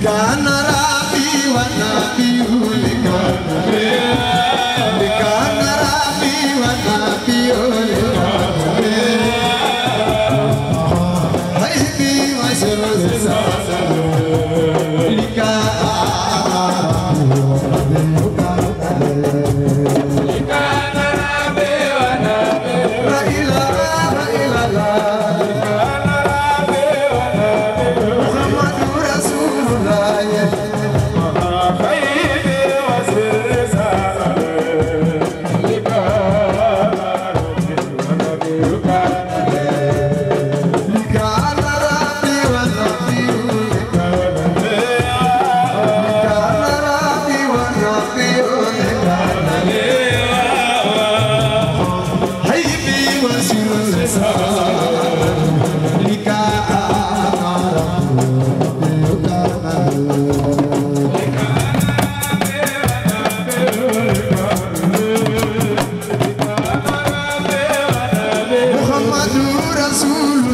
Gana rabi wa nabi hulika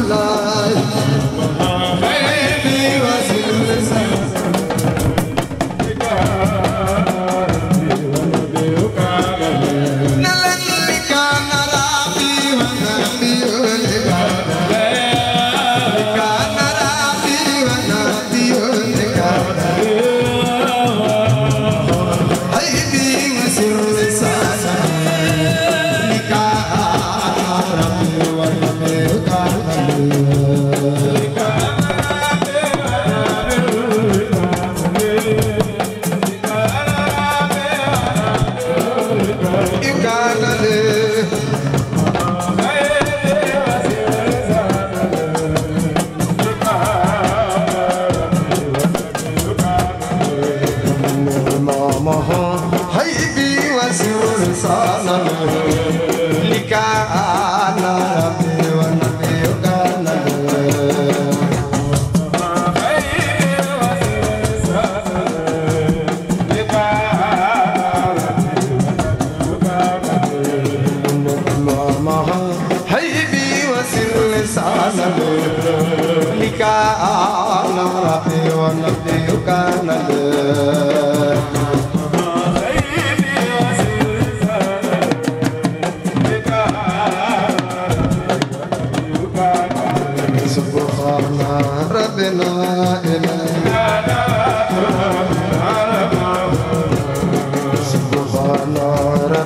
love.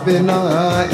Rabbi Noah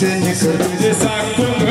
Sen yakın bize sakın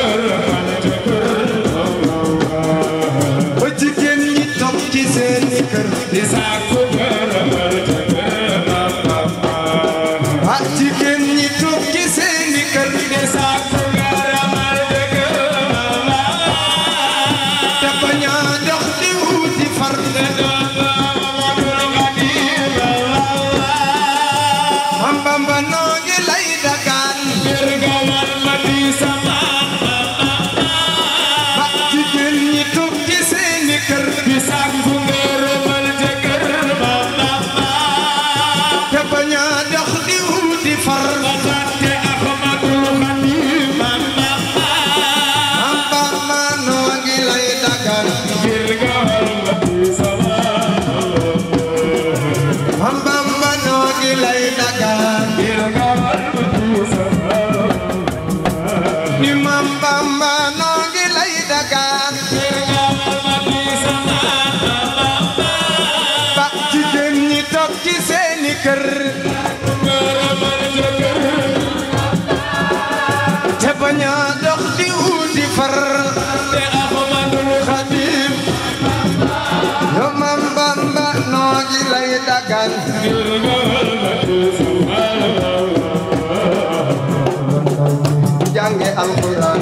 selalu berulang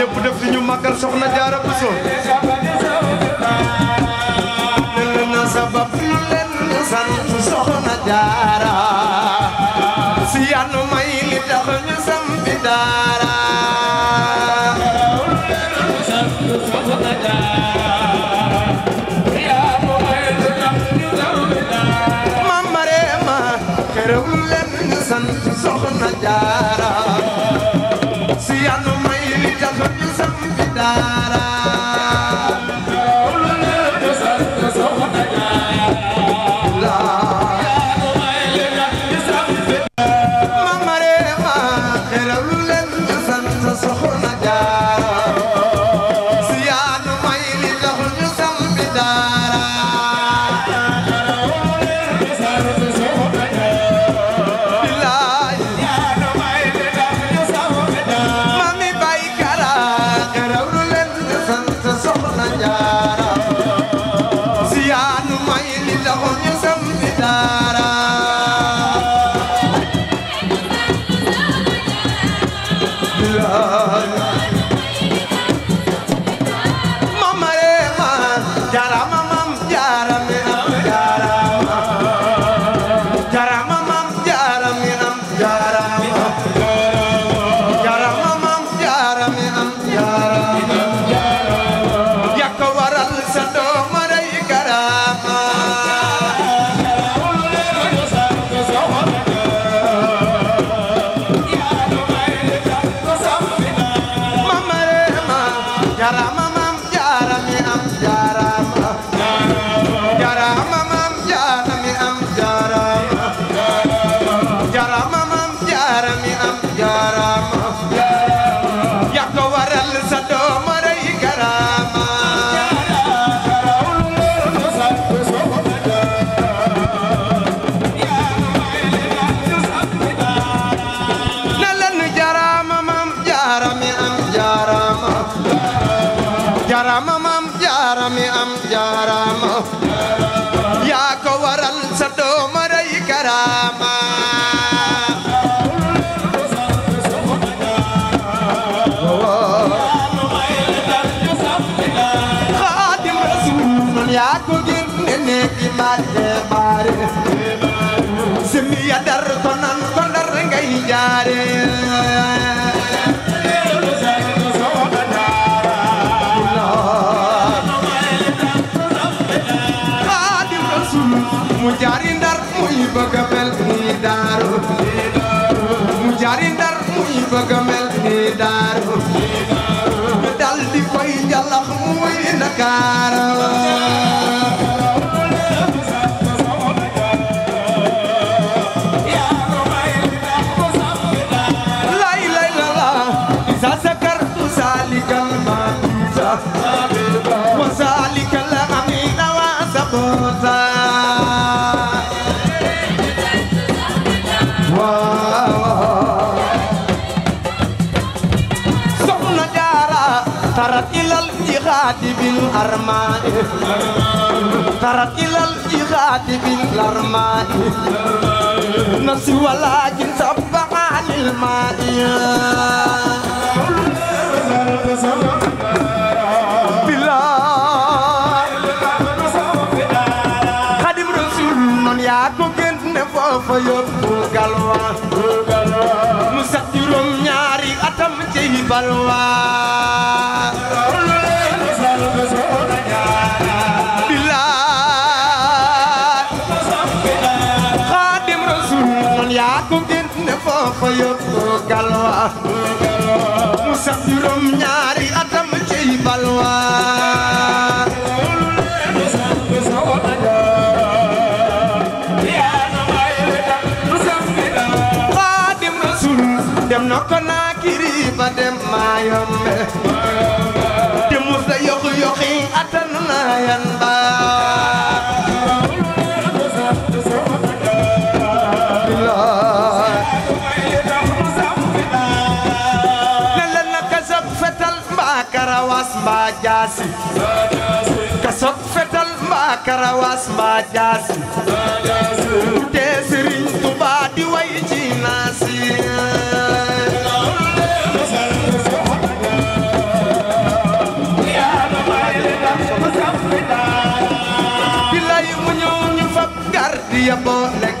ñëpp def suñu màggal सियल मिल समदारा दुनिया को गिरने की बात मारे सिमिया दर तो नन को डर गई जा रे तो मुजारिंदर मुई बगमेल दारू मुजारिंदर मुई बगमेल दारू caramba. الأرمان ترت إلى الإغاد بالأرمان نسي ولكن تبع عن الماء بلا خادم رسول من ياكو كنت نفوف يوب غلوان مسكرم ناري أتم تيبالوان mu sax juróom ñaari atam ci balwa xaadim rasul dem na ko naa kiri ba dem maa yombe te mu sa yoxi yoxi atan naa yan karawaas mbaa fetal mbaa karawaas mbaa jaasi bu dee sëriñ Tuubaa di way ci naasi di lay mu ñëw ñu fab gar di yaboo lekk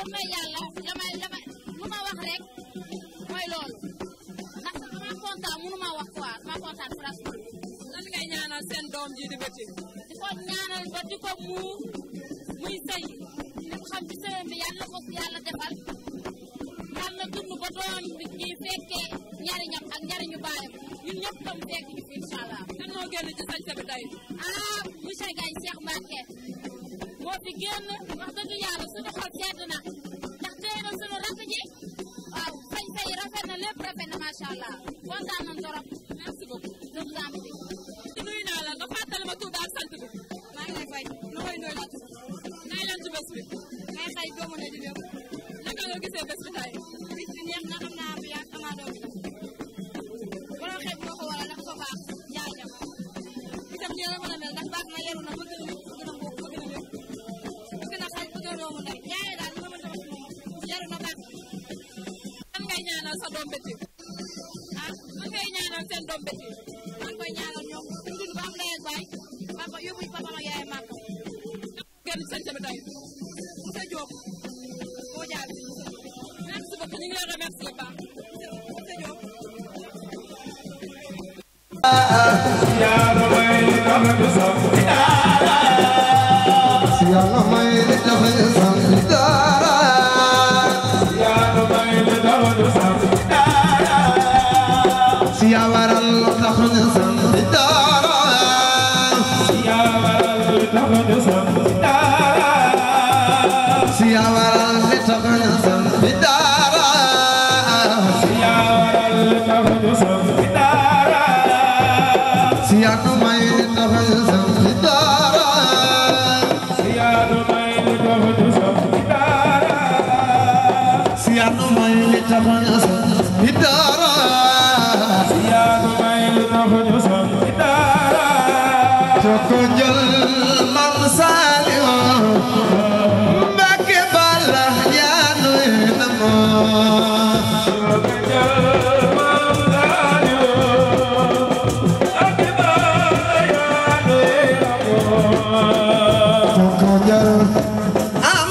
wax may yàlla damay damay lu ma wax rek mooy loolu ndax dama kontaan mënu ma wax quoi dama kontaan franchement. lan ngay ñaanal seen doom ji di bëti. di ko ñaanal ba di ko mu muy sëy li mu xam ci sëyam bi yàlla ko yàlla defal yàlla dund ba doon di fekkee njariñam ak njariñu baayam ñun ñëpp tam fekk ñu fi incha allah. kan moo génn ci sañ sa bi tey. ah monsieur Gaye Cheikh Mbacke. moo fi génn wax dëgg yàlla suñu xol sedd na ndax tey na suñu rakk ji Kébé maa ngi koy ñaanal ñoom suñu dund ba am ndey ak baay papa yóbbuñ fa sama yaay màkk gën sant bi tey sa Diop boo jaabi merci beaucoup ñu ngi lay remercier ba sa Diop Yàlla may Deus, Deus, Deus, Deus, I'm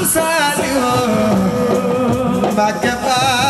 sorry, back up.